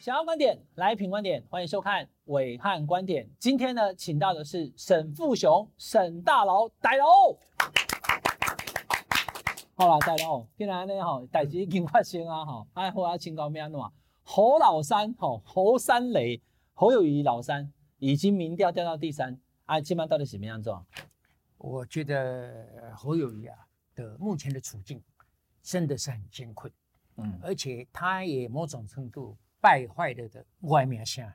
想要觀點來品觀點，歡迎收看暐瀚觀點。今天呢，請到的是沈富雄，沈大老，大老。 好了，大老，既然呢，吼，代志已經發生啊，吼，哎，後來情況變哪樣？侯老三，吼、哦，侯三雷，侯友宜老三已經民調掉到第三，啊，今晚到底什麼樣做？我覺得侯友宜啊的目前的處境真的是很艱困，嗯，而且他也某種程度。敗壞了的外面像，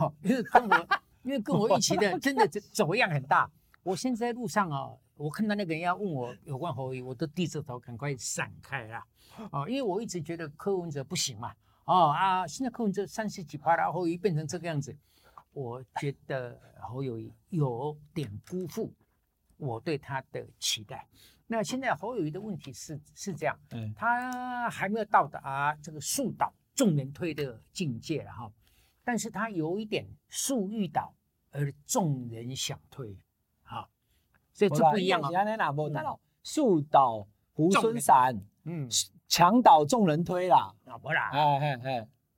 哦，因為跟我， 因為跟我一起的真的走樣很大。我現在路上啊，哦，我看到那個人要問我有關侯友宜，我都低着頭趕快閃開啦。哦，因為我一直覺得柯文哲不行嘛。哦啊，現在柯文哲三十幾趴了，然後侯友宜變成這個樣子，我覺得侯友宜有點辜負我對他的期待。那現在侯友宜的問題是是這樣，嗯，他還沒有到達這個樹島。眾人推的境界了哈，但是他有一點樹欲倒而眾人想推，好、啊，所以就不一樣那、啊、嘛。樹倒猢猻散，嗯，牆倒眾人、嗯、人推啦。啦、啊。不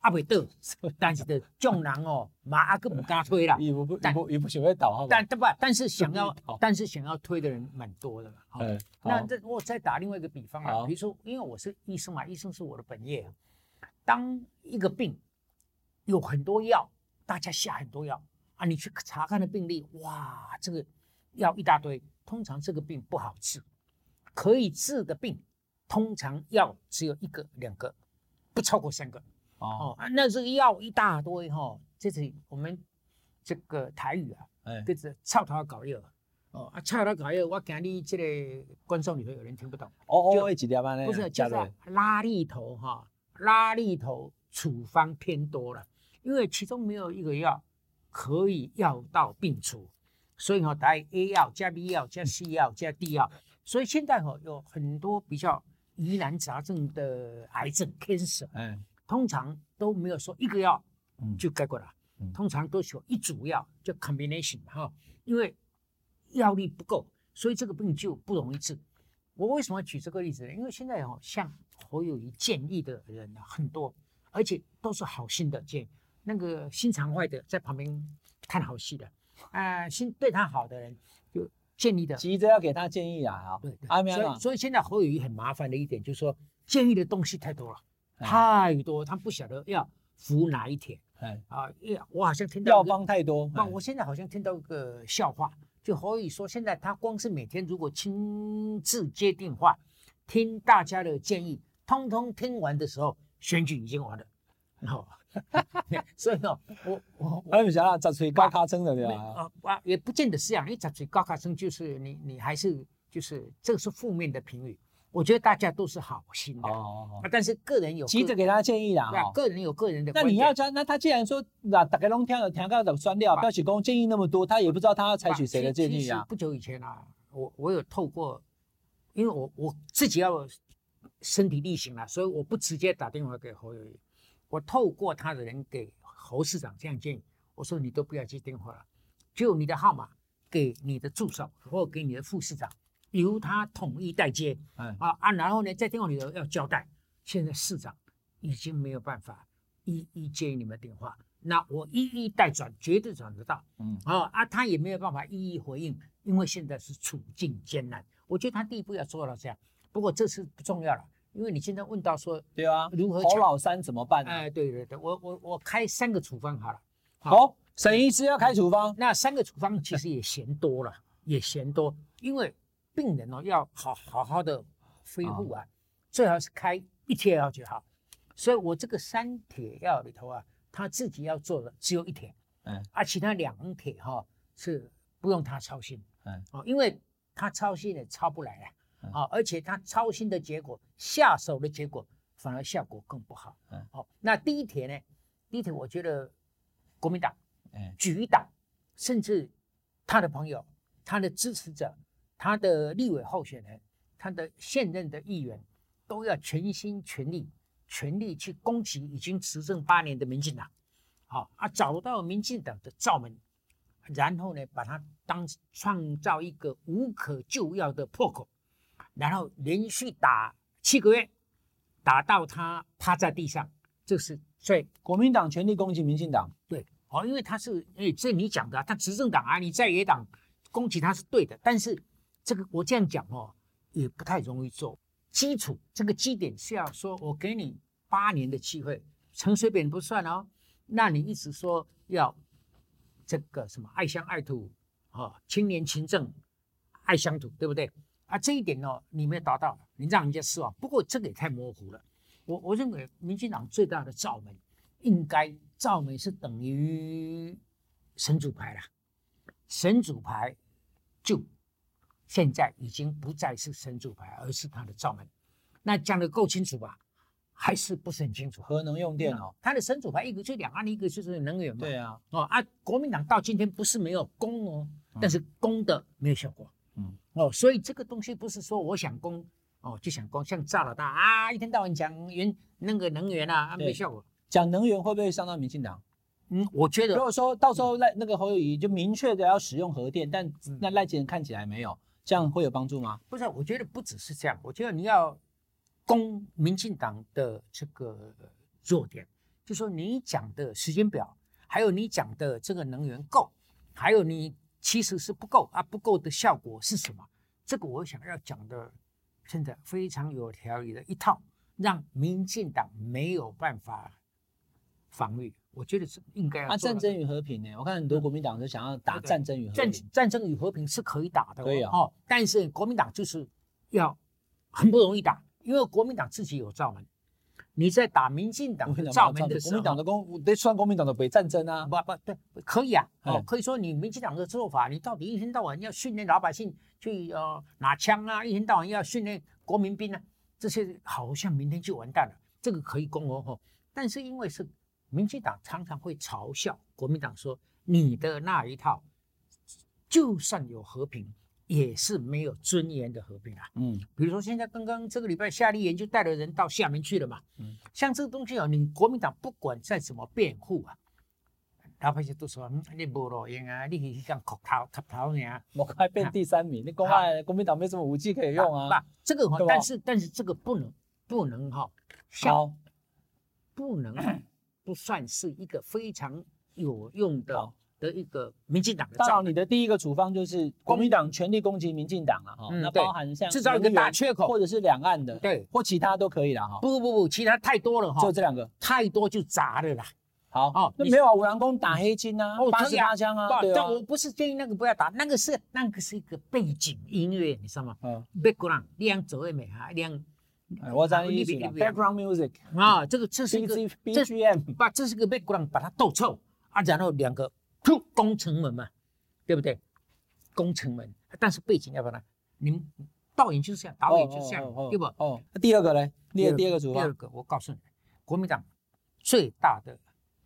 阿袂德， 但是的重量哦，馬阿個唔敢推啦，不也不也不喜歡倒，但對不？但是想要是但是想要推的人蠻多的嘛、嗯 OK。好，那這我再打另外一個比方啊，比如說，因為我是醫生嘛、啊，醫生是我的本業、啊。當一個病有很多藥，大家下很多藥啊，你去查看的病例，哇，這個藥一大堆。通常這個病不好治，可以治的病，通常藥只有一個、兩個，不超過三個。哦，哦，那這個藥一大堆哈，這是我們這個台語啊，欸、這是操他搞藥，哦，啊，操他搞藥，我講你這個觀眾裡頭有人聽不懂，哦哦，幾不是，就是拉力頭哈，拉力頭、啊、拉力頭處方偏多了，因為其中沒有一個藥可以藥到病除，所以呢、哦，哈，台 A 藥加 B 藥加 C 藥、嗯、加，加 D 藥，所以現在哈、哦、有很多比較疑難雜症的癌症 cancer，嗯、欸。通常都沒有說一個藥，嗯，就蓋過了。通常都說一組藥，叫 combination 哈，因為藥力不夠，所以這個病就不容易治。我為什麼要舉這個例子呢？因為現在哦，像侯友宜建議的人呢，很多，而且都是好心的建議。那個心腸壞的在旁邊看好戲的，啊、呃，心對他好的人就建議的，急着要給他建議啊、哦，對對、對、啊。所以所以現在侯友宜很麻煩的一點就是說，建議的東西太多了。太多，他不曉得要服哪一帖，哎、嗯嗯、啊！因為我好像聽到要幫太多。那我現在好像聽到一個笑話，嗯，就可以說，現在他光是每天如果親自接電話，聽大家的建議，通通聽完的時候，選舉已經完了。哈、嗯、 所以哦說， 我我我也不曉得，十嘴高卡聲的沒有啊，呃？也不見得是這樣，一十嘴高卡聲就是你，你還是就是這是負面的評語。我覺得大家都是好心的哦、啊 oh, oh, oh. 啊，但是個人有個，急著給他建議了啊，個人有個人的關。那你要這那他既然說，那打開龍天的天高麼刪掉，不要去公建議那麼多，他也不知道他要採取誰的建議啊。啊不久以前啊，我我有透過，因為我我自己要身體力行了、啊，所以我不直接打電話給侯友宜，友我透過他的人給侯市長這樣建議。我說你都不要接電話了，就你的號碼給你的助手或給你的副市長。由他統一代接，嗯、啊啊，然後呢，在電話裡頭要交代，現在市長已經沒有辦法一一接你們電話，那我一一代轉，絕對轉得到，嗯啊，他也沒有辦法一一回應，因為現在是處境艱難。我覺得他第一步要做到這樣，不過這次不重要了，因為你現在問到說，對啊，如何侯老三怎麼辦呢？哎，對對對，我我我開三個處方好了。好，沈醫師要開處方、嗯，那三個處方其實也嫌多了， 也嫌多，因為。病人哦，要好好好的恢復啊、哦，最好是開一帖藥就好。所以我這個三帖藥裡頭啊，他自己要做的只有一帖，嗯，而、啊、其他兩帖哈是不用他操心，嗯，哦，因為他操心也操不來呀、啊嗯，啊，而且他操心的結果，下手的結果反而效果更不好，嗯，好、哦，那第一帖呢，第一帖我覺得國民黨，嗯，舉一黨，甚至他的朋友，他的支持者。他的立委候選人，他的現任的議員，都要全心全力、全力去攻擊已經執政八年的民進黨。好、哦、啊，找到民進黨的罩門，然後呢，把他當創造一個無可救藥的破口，然後連續打七個月，打到他趴在地上。就是所以，國民黨全力攻擊民進黨，對，哦，因為他是哎，這你講的、啊，他執政黨啊，你在野黨攻擊他是對的，但是。這個我這樣講哦，也不太容易做基礎。這個基點是要說，我給你八年的機會，陳水扁不算哦。那你一直說要這個什麼愛鄉愛土，哦，青年勤政，愛鄉土，對不對？啊，這一點呢、哦，你沒有達到，你讓人家失望。不過這個也太模糊了。我我認為，民進黨最大的罩門，應該罩門是等於神主牌了，神主牌就。現在已經不再是神主牌，而是他的罩門。那講得夠清楚吧？還是不是很清楚，啊？核能用電哦、嗯，他的神主牌一個就兩岸，啊、一個就是能源嘛。對啊哦，哦啊，國民黨到今天不是沒有攻哦，嗯、但是攻的沒有效果。嗯，哦，所以這個東西不是說我想攻哦就想攻像趙老大，啊，一天到晚講原那個能源啊，啊沒效果。講能源會不會傷到民進黨？嗯，我覺得如果說到時候那個侯友宜就明確的要使用核電，嗯，但那賴清德看起來沒有。這樣會有幫助嗎？不是，我覺得不只是這樣。我覺得你要攻民進黨的這個弱點，就是說你講的時間表，還有你講的這個能源夠，還有你其實是不夠啊，不夠的效果是什麼？這個我想要講的，真的非常有條理的一套，讓民進黨沒有辦法防禦。我覺得是應該啊。戰爭與和平呢、欸？我看很多國民黨都想要打戰爭與和、哦、和平。戰爭與和平是可以打的，對啊、哦。但是國民黨就是要很不容易打，因為國民黨自己有罩門。你在打民進黨罩門的時候，國民黨的、嗯、得算國民黨的北戰爭啊？不不對，可以啊。哦，可以說你民進黨的做法，你到底一天到晚要訓練老百姓去要、呃、拿槍啊，一天到晚要訓練國民兵啊，這些好像明天就完蛋了。這個可以攻哦，但是因為是。民進黨常常會嘲笑國民黨說：“你的那一套，就算有和平，也是沒有尊嚴的和平啊。”嗯，比如說現在剛剛這個禮拜，夏立言就帶了人到廈門去了嘛。嗯，像這個東西哦、啊，你國民黨不管再怎麼辯護啊，老百姓都說：“嗯、你無路用啊，你去講殼頭殼頭爾啊。”我快變第三名，啊、你講、啊、國民黨沒什麼武器可以用啊。啊啊啊這個但是但是這個不能不能哈，像、哦、不能。不算是一個非常有用的的一個民進黨的大老。照你的第一個處方就是國民黨全力攻擊民進黨啊，那、嗯啊嗯、包含像至少有一個大缺口，或者是兩岸的、嗯，對，或其他都可以了哈。不不不，不，其他太多了哈，就這兩個，太多就砸了啦。好，哦、那沒有，有啊，我員工打黑金啊，打八十八槍啊，對，啊對啊，但我不是建議那個不要打，那個是那個是一個背景音樂，你知道嗎？嗯。Background，亮左的美哈，亮。我講一起了、啊、，Background music 啊，這個這是一個 BG, BGM，把這是個 background，把它逗臭，啊，然後兩個工程門嘛，對不對？工程門，但是背景要把它，你們導演就是這樣，導演就是這樣哦哦哦哦哦，對不？哦。那第二個呢？第二個主角。第二個，個我告訴你，國民黨最大的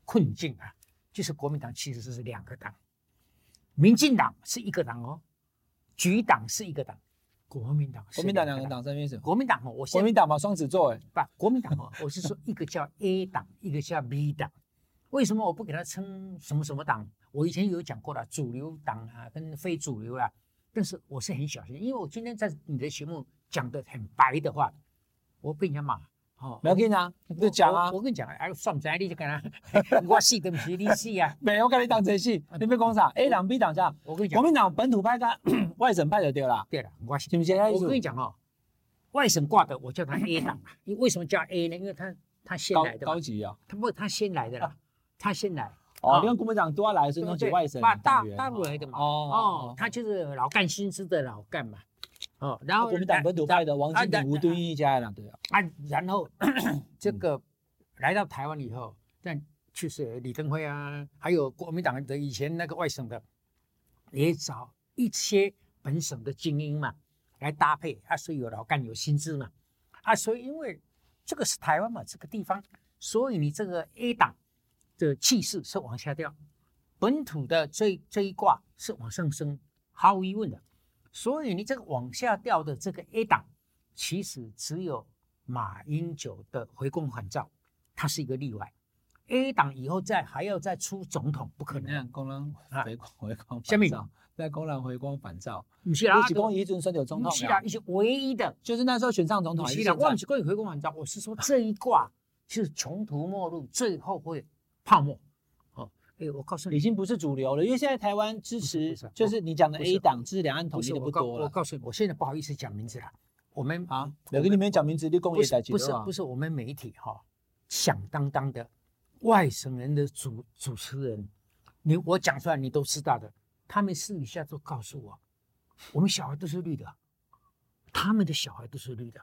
困境啊，就是國民黨其實是兩個黨，民進黨是一個黨哦，局黨是一個黨。國民黨,是黨，國民黨兩個黨是什麼意思。國民黨嘛，我先。國民黨嘛，雙子座哎。不，國民黨嘛，我是說一個叫 A 黨， 一個叫 B 黨。為什麼我不給他稱什麼什麼黨？我以前有講過的，主流黨啊，跟非主流啊。但是我是很小心，因為我今天在你的節目講的很白的話，我被人家罵。哦、啊，沒要緊你講啊我我！我跟你講啊，算不算、啊？你去幹、欸、我死對不起，你啊！ 沒，我跟你你別講啥。A B 這樣我跟你講，國民黨本土派跟，外省派的對了。對了，沒關係，是不是我跟你講哦，外省掛的，我叫他 A 黨嘛。你為什麼叫 A 呢？因為他他先來的高。高級啊、哦？他不，他先來的、啊、他先來、哦哦哦。你看國民黨多來，所以都是外省大陸來的嘛？哦,哦,哦,哦,哦,哦,哦他就是老幹新枝的老幹嘛。哦、然後國民黨本土派的王金平吳敦義家的，對啊。然後咳咳這個、嗯、來到台灣以後，但確實李登輝啊，還有國民黨的以前那個外省的，也找一些本省的精英嘛來搭配。啊，所以有老幹有新枝嘛。啊，所以因為這個是台灣嘛，這個地方，所以你這個 A 黨的氣勢是往下掉，本土的這這一掛是往上升，毫無疑問的。所以你這個往下掉的這個 A 檔，其實只有馬英九的回光返照，它是一個例外。A 檔以後再還要再出總統，不可能。工、啊、人回光返照，什麼？在工人回光返照，不是啦、啊，是一統是、啊、有是唯一的，就是那時候選上總統，不是啦、啊，我不是跟你回光返照，我是說這一掛是窮途末路，啊、最後會泡沫。我告訴你，已經不是主流了，因為現在台灣支持，就是你講的 A 黨支持兩岸統一的不多了。我告訴你，我現在不好意思講名字了。我們啊，我跟你們講名字，你講一下，不是不是，不是我們媒體哈、哦，響噹噹的外省人的主主持人，你我講出來你都知道的。他們私底下都告訴我，我們小孩都是綠的，他們的小孩都是綠的，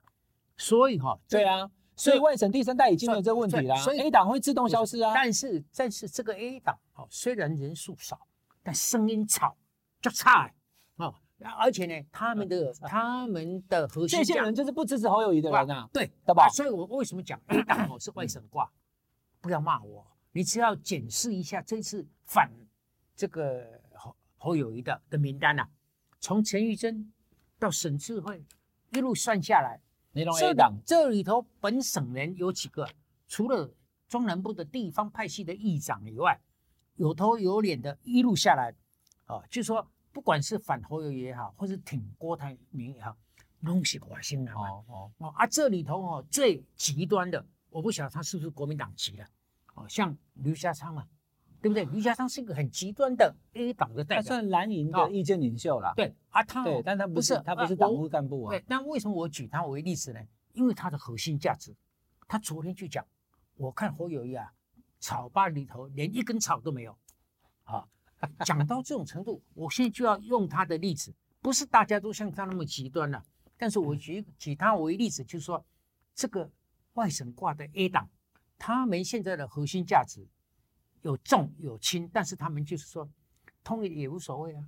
所以哈、哦，對啊。所以外省第三代已經有這個問題啦、啊、所以所以，A 黨會自動消失啊。但是但是這個 A 黨好、哦，雖然人數少，但聲音吵，就差哎，哦，而且呢，他們的、啊、他們的核心這些人就是不支持侯友宜的人啊，對，對吧？所以我為什麼講 A 黨哦是外省掛、嗯，不要罵我，你只要檢視一下這次反這個侯侯友宜的的名單吶、啊，從陳玉珍到沈智慧，一路算下來。社黨這裡頭本省人有幾個？除了中南部的地方派系的議長以外，有頭有臉的，一路下來，啊、哦，就是說不管是反侯友也好，或者挺郭台銘也好，攏是外省人、哦哦哦、啊，這裡頭哦最極端的，我不曉得他是不是國民黨籍的、啊哦，像劉家昌啊。對不對？余家昌是一個很極端的 A 黨的代表，他算藍營的意見領袖了、哦。對，阿、啊、湯，對，但他不是，不是，他不是黨務幹部啊，啊對。但為什麼我舉他為例子呢？因為他的核心價值，他昨天就講，我看侯友宜啊，草壩裡頭連一根草都沒有啊。講到這種程度，我現在就要用他的例子，不是大家都像他那麼極端了、啊。但是我舉、嗯、舉他為例子，就是說，這個外省掛的 A 黨，他們現在的核心價值。有重有輕，但是他們就是說，統一也無所謂啊，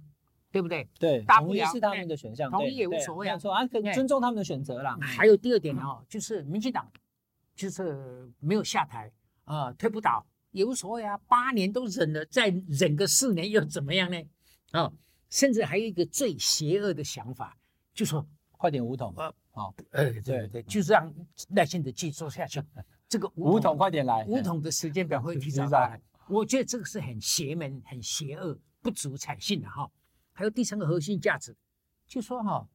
對不對？對，大統一是他們的選項，哎、同意也無所謂啊。說啊，尊重他們的選擇了、嗯嗯。還有第二點啊、哦嗯，就是民進黨就是沒有下台啊、呃，推不倒也無所謂啊，八年都忍了，再忍個四年又怎麼樣呢？啊、嗯嗯，甚至還有一個最邪惡的想法，就是說快點武統吧、呃哦呃，對對，對，對，就是讓耐心的繼續下去。嗯、這個武統，武統快點來，武統的時間表會提、嗯、早。我覺得這個是很邪門、很邪惡、不足採信的哈。還有第三個核心價值，就是、說哈，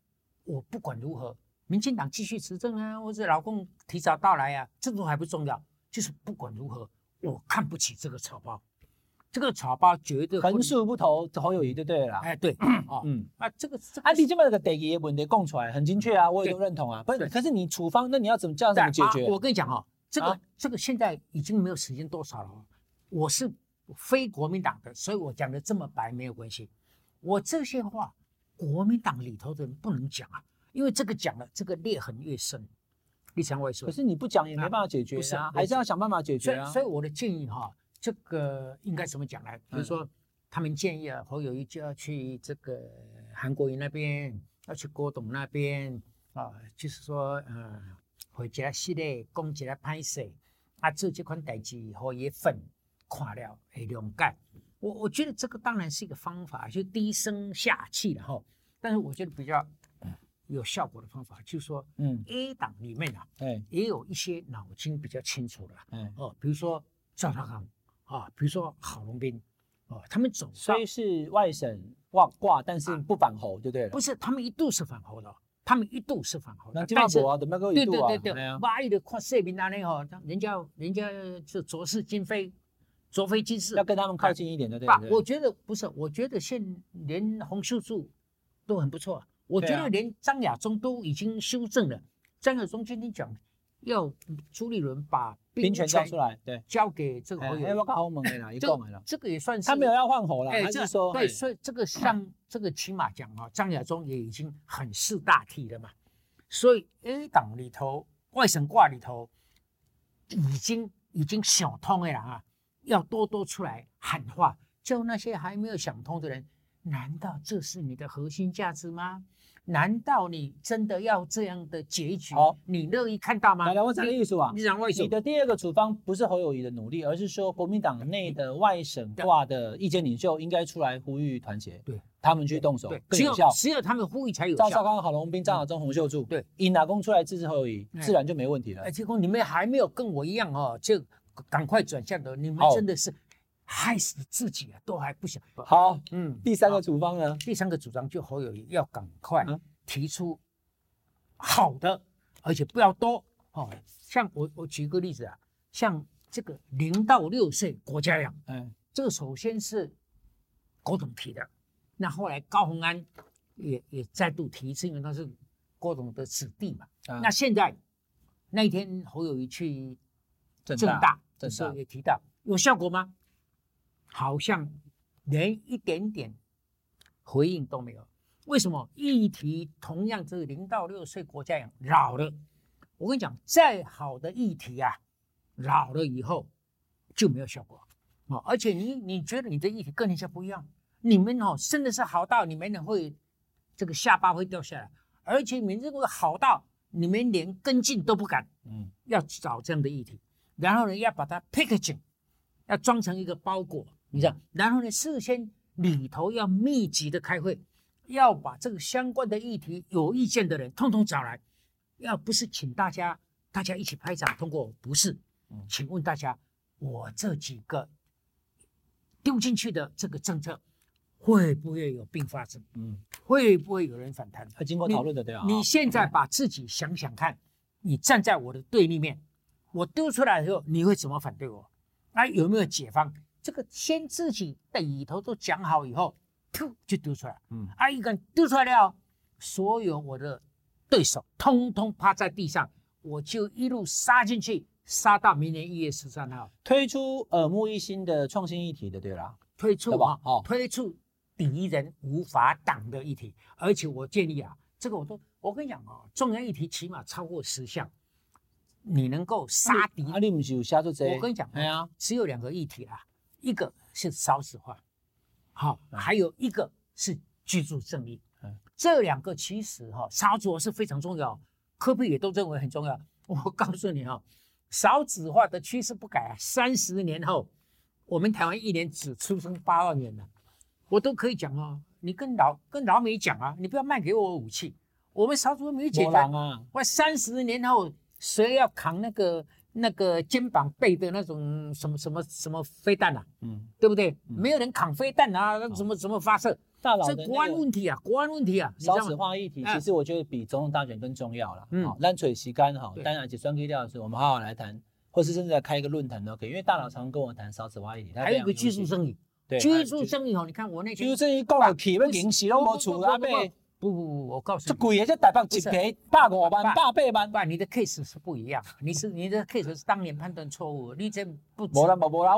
我不管如何，民進黨繼續執政啊，或者老共提早到來啊，這種還不重要，就是不管如何，我看不起這個草包。這個草包絕對橫豎不投侯友宜，有對不對啦？哎，對嗯、哦、嗯，啊，這個啊、這個、是啊，你這麼個定義的問題供出來很精確啊，我也都認同啊。不是，可是你處方，那你要怎麼這樣怎麼解決？啊、我跟你講啊，這個、啊、這個現在已經沒有時間多少了。我是非國民黨的，所以我講的這麼白沒有關係。我這些話，國民黨裡頭的人不能講啊，因為這個講了，這個裂痕越深，一牆外說。可是你不講也沒辦法解決，啊啊，還是要想辦法解決啊。所以我的建議哈、啊，這個應該怎麼講呢？比如說，嗯，他們建議啊，侯友宜就要去這個韓國瑜那邊，要去郭董那邊啊，就是說，嗯，回家系列攻擊他拍攝，啊，做這款代誌以後也分。垮掉 A 兩蓋，我我覺得這個當然是一個方法，就低聲下氣了哈、哦。但是我覺得比較、嗯、有效果的方法，就是、說嗯 A 檔裡面啊，誒、欸，也有一些腦筋比較清楚的嗯哦，比如說趙少康，啊，比如說郝龍斌哦，他們走雖是外省掛掛，但是不反侯就對了，對不對？不是，他們一度是反侯的，他們一度是反侯的，那、啊、是一度、啊、對對對對，哇、嗯，一的跨社名單嘞哈，人家人家是濁世今非。坐飛機是，要跟他們靠近一點的，啊，對吧？我覺得不是，我覺得現連洪秀柱都很不錯，啊，我覺得連張亞中都已經修正了。張亞、啊、中今天講要朱立倫把兵權交兵權出來，對，交給這個侯友。歐、欸、盟的啦，一共這個也算是他沒有要換火了，他、欸、是說，對，所以這個像這個起碼講啊，張、啊、亞中也已經很識大體了嘛。所以 A 黨裡頭，外省掛裡頭已經已經想通了啦、啊要多多出來喊話，叫那些還沒有想通的人。難道這是你的核心價值嗎？難道你真的要這樣的結局？哦、你樂意看到嗎？來，我問這個意思啊，你意思，你的第二個處方不是侯友宜的努力，而是說國民黨內的外省化的意見領袖應該出來呼籲團結，對他們去動手對對對，更有效。只有，只有他們呼籲才有效。趙少康、郝龍斌、張亞中、洪秀柱，嗯、對，尹拿工出來支持侯友宜，自然就沒問題了。哎、欸，結果你們還沒有跟我一樣哦，就。趕快轉向的，你們真的是害死自己啊，哦、都還不想好，嗯好，第三個主張呢？第三個主張就侯友宜要趕快提出好的，嗯、而且不要多哦。像我，我舉一個例子啊，像這個零到六歲國家養，嗯，這首先是郭董提的，那後來高虹安也也再度提一次，因為他是郭董的子弟嘛。嗯、那現在那一天侯友宜去。增大，大，大，大，也提到有效果嗎？好像連一點點回應都沒有。為什麼議題同樣只有零到六歲國家養老了？我跟你講，再好的議題啊，老了以後就沒有效果啊、哦。而且你你覺得你的議題跟人家不一樣？你們哦，真的是好到你們會這個下巴會掉下來，而且你們這個好到你們連跟進都不敢。嗯，要找這樣的議題。然後呢，要把它 packaging，要裝成一個包裹，你知道。然後呢，事先裡頭要密集的開會，要把這個相關的議題有意見的人通通找來。要不是請大家大家一起拍掌通過，不是？請問大家，我這幾個丟進去的這個政策，會不會有併發症？嗯，會不會有人反彈？經過討論的，對吧？你，你現在把自己想想看，你站在我的對立面。我丟出來以後你會怎麼反對我？那、啊、有沒有解方？這個先自己在裡頭都講好以後，噗就丟出來。嗯，啊，一旦丟出來了，所有我的對手通通趴在地上，我就一路殺進去，殺到明年一月十三號，推出耳目一新的創新議題的，對啦。推出啊，哦，推出敵人無法擋的議題，而且我建議啊，這個我都，我跟你講啊、哦，重要議題起碼超過十項。你能夠殺敵？啊、你就殺我跟你講、啊，只有兩個議題啊。啊一個是少子化，好、哦，還有一個是居住正義。嗯、這兩個其實哈、啊，少子化是非常重要，柯 P 也都認為很重要。我告訴你哈、啊，少子化的趨勢不改，三十年後，我們台灣一年只出生八萬人，我都可以講啊。你跟老跟老美講啊，你不要賣給我武器，我們少子化沒解決沒啊，快三十年後。誰要扛那個那個肩膀背的那種什麼什麼什麼飛彈啊？嗯，對不對？嗯嗯、沒有人扛飛彈啊，那怎麼怎麼發射？大、那個、這國安問題啊，國安問題啊，少、嗯、子化議題、嗯，其實我覺得比總統大選更重要了。嗯，淡水溪干哈？當然，就雙溪釣的時候，我們好好來談，或是甚至開一個論壇都可以。因為大佬常，常跟我談少子化議題，有還有個居住正義。對，居住正義你看我那個。居住正義，夠、啊、了，鐵問題。不不不，我告訴你，這貴的這大半是賠八五萬百八百萬，你的 case 是不一樣，你是你的 case 是當年判斷錯誤，你在不？沒了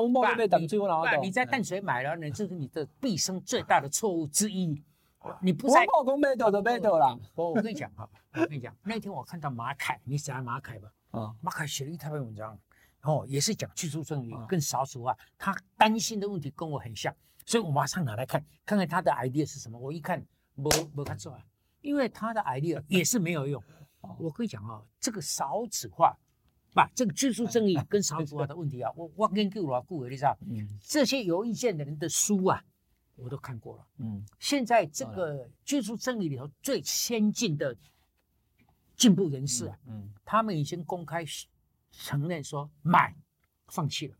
你，你在淡水買了，那、嗯、就是你的畢生最大的錯誤之一、啊。你不在，我莫講買到就買到啦。我跟你講哈，我跟你講，你 那天我看到馬凱，你曉得馬凱吧？啊、嗯，馬凱寫了一大篇文章，哦，也是講居住正義跟、嗯、少數啊。他擔心的問題跟我很像，所以我馬上拿來看，看看他的 idea 是什麼。我一看。沒沒看錯啊，因為他的 idea 也是沒有用。 我可以講啊、哦，這個少子化，不，這個居住正義跟少子化的問題啊， 我我跟各位老顧客你知、嗯、這些有意見的人的書啊，我都看過了。嗯，現在這個居住正義裡頭最先進的進步人士啊，嗯嗯、他們已經公開承認說買放棄了，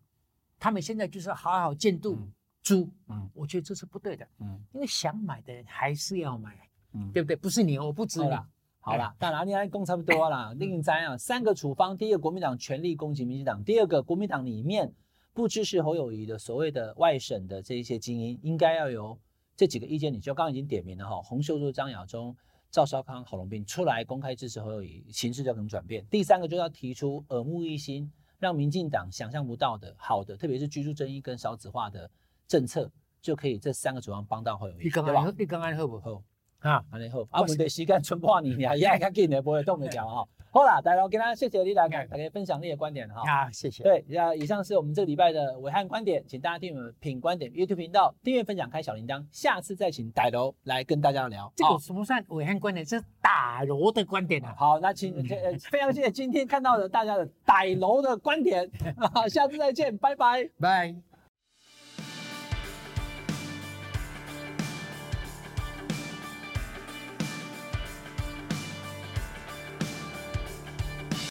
他們現在就是好好監督。嗯租，嗯，我覺得這是不對的，嗯，因為想買的人還是要買，嗯，對不對？不是你我不租了，好了，當然你來供差不多了。另外啊，三個處方：第一個，國民黨全力攻擊民進黨；第二個，國民黨裡面不支持侯友宜的所謂的外省的這一些精英，應該要由這幾個意見，你就剛剛已經點名了哈，洪秀柱、張亞中、趙少康、郝龍斌出來公開支持侯友宜，形勢就可能轉變。第三個就要提出耳目一新，讓民進黨想象不到的好的，特別是居住爭議跟少子化的。政策就可以這三個主要幫到侯友宜，對吧？你剛剛好不好？啊，完了以後，啊，我的時間存怕你，你還也愛看今年不會凍得掉哈、哦。 好了，大老跟大家謝謝你來跟，大家分享你的觀點哈、哦。啊，謝謝。對，那、啊、以上是我們這個禮拜的暐瀚觀點，請大家訂閱品觀點 YouTube 頻道，訂閱分享開小鈴鐺，下次再請大老來跟大家聊。這個、哦、什麼算不算暐瀚觀點？這是大老的觀點啊。好，那請 非常謝謝今天看到的大家的大老的觀點，好、 啊，下次再見， 拜拜。拜。